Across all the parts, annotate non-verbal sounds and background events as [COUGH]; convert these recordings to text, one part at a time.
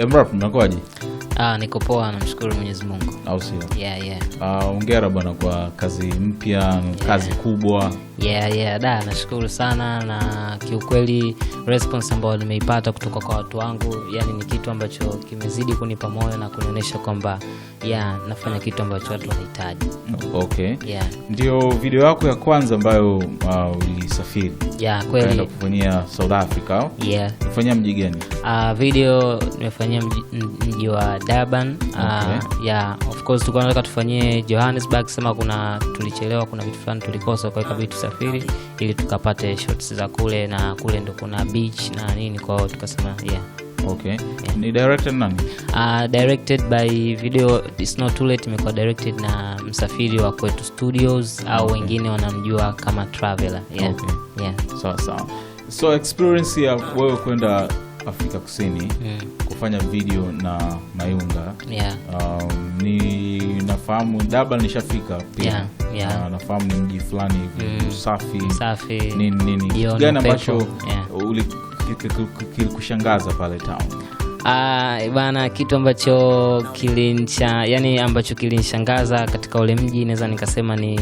Emrap, eh, Ah, niko poa, namshukuru Mwenyezi Mungu. Au sio? Yeah, yeah. Ah, bwana kwa kazi mpya, yeah. Kazi kubwa Yeah, yeah, da, nashukuru sana na kiukweli response ambayo nimeipata kutoka kwa watu wangu, yani ni kitu ambacho kimezidi kunipa moyo na kunionyesha kwamba yeah, nafanya kitu ambacho watu wanahitaji. Okay. Yeah. Ndio video yako ya kwanza ambayo uh, ulisafiri. Yeah, kweli. Ukaenda kufanyia South Africa. Yeah. Kufanyia mji gani? Uh, video nimefanyia mji wa Durban. Uh, okay. Yeah, of course tulikuwa tunataka tufanyie Johannesburg, sema kuna tulichelewa, kuna vitu fulani tulikosa kwa hiyo tukasafiri ili tukapate shots za kule na kule ndo kuna beach na nini, kwa hiyo tukasema yeah. Okay. Yeah. Ni directed nani? Uh, directed by video it's not too late imekuwa directed na msafiri wa kwetu studios okay. Au wengine wanamjua kama Traveler. Yeah. Okay. Yeah. Sawa sawa. So experience ya wewe kwenda Afrika Kusini mm. kufanya video na Mayunga yeah. um, ni nafahamu Durban nishafika yeah, yeah. Ah, nafahamu ni mji fulani mm, safi nini nini. gani ambacho kilikushangaza pale town? Uh, bana kitu ambacho kilincha yani ambacho kilinshangaza katika ule mji naweza nikasema ni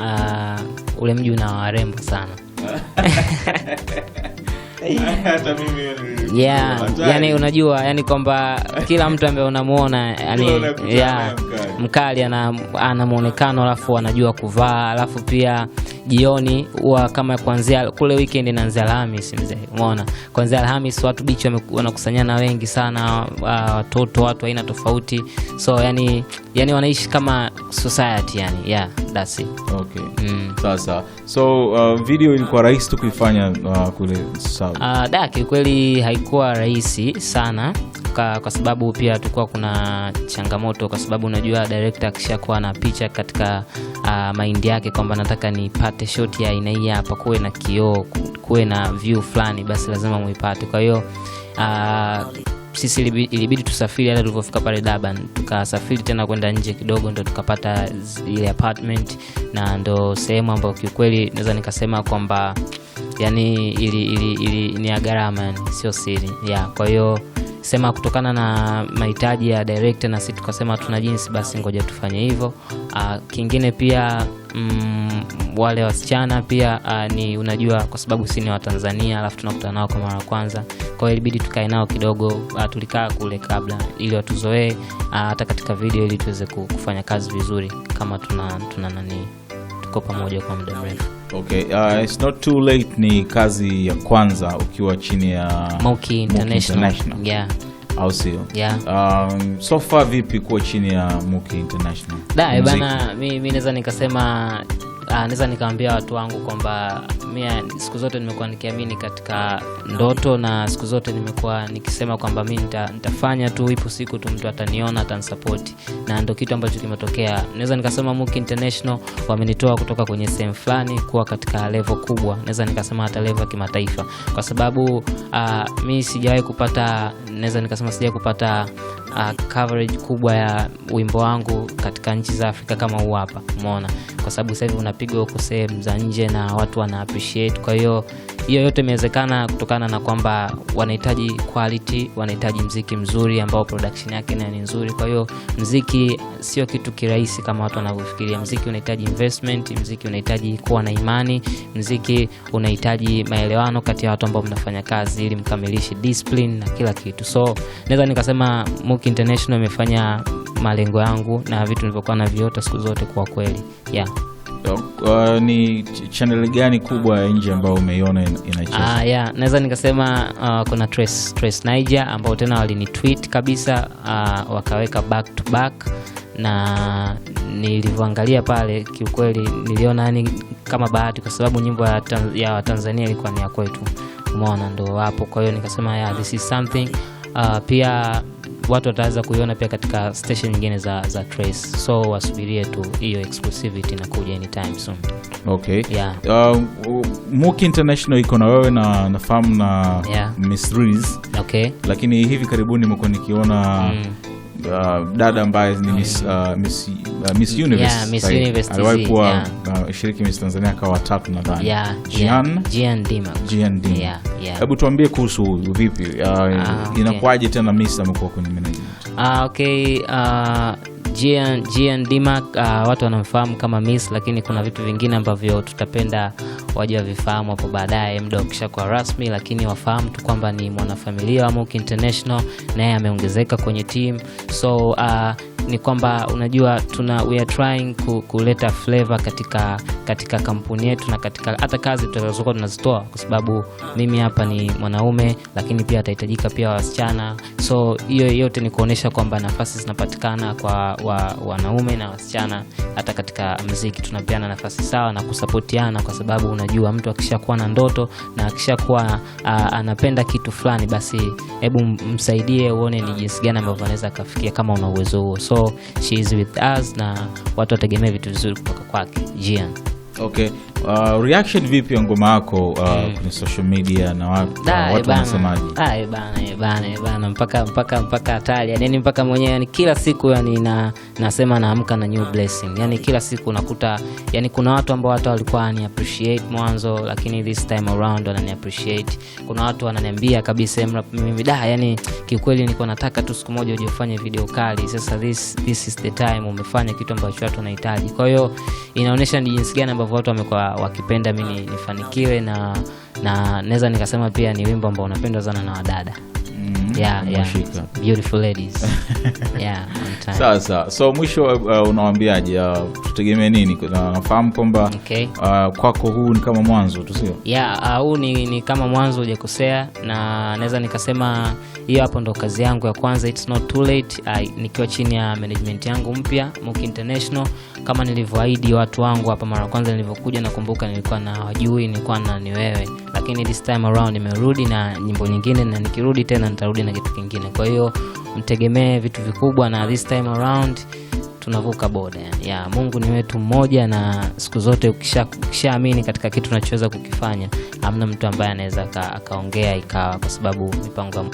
uh, ule mji una warembo sana [LAUGHS] [LAUGHS] yani unajua yani kwamba kila mtu ambaye unamuona yani, mkali ana, ana muonekano alafu anajua kuvaa alafu pia jioni huwa kama kuanzia kule weekend inaanzia Alhamis mzee, umeona, kuanzia Alhamis watu bichi wanakusanyana wengi sana, watoto uh, watu aina tofauti, so yani, yani wanaishi kama society yani, yeah that's it. Okay. Mm. Sasa so uh, video ilikuwa rahisi tu kuifanya uh, kule sawa. Uh, da kiukweli haikuwa rahisi sana kukaa, kwa sababu pia tulikuwa kuna changamoto, kwa sababu unajua director akishakuwa na picha katika uh, ah, maindi yake kwamba nataka nipate shot ya aina hii hapa, kuwe na kioo, kuwe na view fulani, basi lazima muipate. Kwa hiyo uh, sisi ilibidi tusafiri, hata tulivyofika pale Durban tukasafiri tena kwenda nje kidogo, ndo tukapata ile apartment, na ndo sehemu ambayo kiukweli naweza nikasema kwamba yani ili, ili, ili, ni ya gharama, yani sio siri ya yeah. Kwa hiyo sema kutokana na mahitaji ya direkta na sisi tukasema tuna jinsi, basi ngoja tufanye hivyo. Ah, kingine pia mm, wale wasichana pia uh, ni unajua kwa sababu sisi ni Watanzania alafu tunakutana nao kwa mara ya kwanza, kwa hiyo ilibidi tukae nao kidogo. Ah, tulikaa kule kabla ili watuzoee hata katika video, ili tuweze kufanya kazi vizuri kama tuna, tuna nani, tuko pamoja kwa muda mrefu. Okay, uh, it's not too late ni kazi ya kwanza ukiwa chini ya Mauki International. International. Yeah. Au sio? Yeah. Um, so far vipi kuwa chini ya Mauki International? Da, bana mimi naweza nikasema Ah, naweza nikaambia watu wangu kwamba mia siku zote nimekuwa nikiamini katika ndoto na siku zote nimekuwa nikisema kwamba mi nita, nitafanya tu ipo siku tu mtu ataniona atansapoti na ndo kitu ambacho kimetokea naweza nikasema Muki International wamenitoa kutoka kwenye sehemu fulani kuwa katika levo kubwa naweza nikasema hata levo ya kimataifa kwa sababu uh, ah, mi sijawahi kupata naweza nikasema sijawahi kupata uh, coverage kubwa ya wimbo wangu katika nchi za afrika kama huu hapa umeona kwa sababu sahivi wanapigwa huko sehemu za nje na watu wana appreciate. Kwa hiyo hiyo yote imewezekana kutokana na kwamba wanahitaji quality, wanahitaji mziki mzuri ambao production yake ni nzuri. Kwa hiyo mziki sio kitu kirahisi kama watu wanavyofikiria. Mziki unahitaji investment, mziki unahitaji kuwa na imani, mziki unahitaji maelewano kati ya watu ambao mnafanya kazi ili mkamilishe discipline na kila kitu. So naweza nikasema Muki International imefanya malengo yangu na vitu nilivyokuwa naviota siku zote kwa kweli, yeah. Uh, ni chanel gani kubwa ya nje ambayo umeiona inacheza? Ah, uh, yeah, naweza nikasema uh, kuna Trace, Trace Niger ambao tena walinitweet kabisa uh, wakaweka back to back na nilivyoangalia pale kiukweli niliona yani kama bahati, kwa sababu nyimbo ya Watanzania ilikuwa ni ya kwetu, umeona, ndo wapo. Kwa hiyo nikasema yeah, this is something uh, pia watu wataweza kuiona pia katika station nyingine za, za Trace, so wasubirie tu hiyo exclusivity na kuja anytime soon. Okay. Yeah. Uh, um, Muki International iko na wewe na nafahamu na yeah. Miss Ruiz. Okay. Lakini hivi karibuni nimekuwa nikiona mm uh, dada ambaye ni uh, Miss, uh, Miss, uh, Miss Universe yeah, kuwa yeah. uh, shiriki Miss Tanzania akawa watatu nadhani Jian Dima Hebu tuambie kuhusu huyu vipi, uh, ah, okay. tena Miss amekuwa kwenye management? Ah, okay uh, ah, Jian Jian uh, ah, watu wanamfahamu kama Miss, lakini kuna vitu vingine ambavyo tutapenda waje wavifahamu hapo baadaye muda ukishakuwa rasmi, lakini wafahamu tu kwamba ni mwanafamilia wa Muki International, naye ameongezeka kwenye team so uh, ni kwamba unajua tuna we are trying ku, kuleta flavor katika katika kampuni yetu na katika hata kazi tutakazokuwa tunazitoa, kwa sababu mimi hapa ni mwanaume, lakini pia atahitajika pia wasichana. So hiyo yote ni kuonesha kwamba nafasi zinapatikana kwa wa, wanaume na wasichana. Hata katika mziki tunapeana nafasi sawa na kusapotiana, kwa sababu unajua mtu akishakuwa na ndoto na akishakuwa anapenda kitu fulani, basi hebu msaidie uone ni jinsi gani ambavyo anaweza akafikia kama una uwezo huo so, so she is with us na watu wategemee vitu vizuri kutoka kwake Jian. Okay uh, reaction vipi ya ngoma yako uh, mm. kwenye social media na watu wanasemaje? Ah, bana eh, bana eh, bana, mpaka mpaka mpaka hatari yani, yaani mpaka mwenyewe yani, kila siku yani na nasema naamka na new blessing yani, kila siku nakuta yani, kuna watu ambao hata walikuwa wanani appreciate mwanzo, lakini this time around wanani appreciate. Kuna watu wananiambia kabisa Emrah, mimi da, yani kikweli nilikuwa nataka tu siku moja uje video kali, sasa this this is the time, umefanya kitu ambacho watu wanahitaji. Kwa hiyo inaonyesha ni jinsi gani ambavyo watu wamekuwa wakipenda mi nifanikiwe, na naweza nikasema pia ni wimbo ambao unapendwa sana na wadada. [LAUGHS] sawa sawa. So mwisho, uh, uh unawaambiaje? Uh, tutegemee nini? Nafahamu kwamba okay. Uh, kwako huu ni kama mwanzo tu sio? Yeah, uh, huu uh, ni, ni kama mwanzo, ujakosea na naweza nikasema hiyo hapo ndo kazi yangu ya kwanza. It's not too late. Uh, nikiwa chini ya management yangu mpya Mook International, kama nilivyoahidi watu wangu hapa mara kwanza nilivyokuja, nakumbuka nilikuwa na wajui, nilikuwa na niwewe lakini this time around nimerudi na nyimbo nyingine, na nikirudi tena nitarudi na kitu kingine. Kwa hiyo mtegemee vitu vikubwa, na this time around tunavuka boda yani. Ya, Mungu ni wetu mmoja, na siku zote ukishaamini ukisha katika kitu unachoweza kukifanya, hamna mtu ambaye anaweza akaongea ikawa, kwa sababu mipango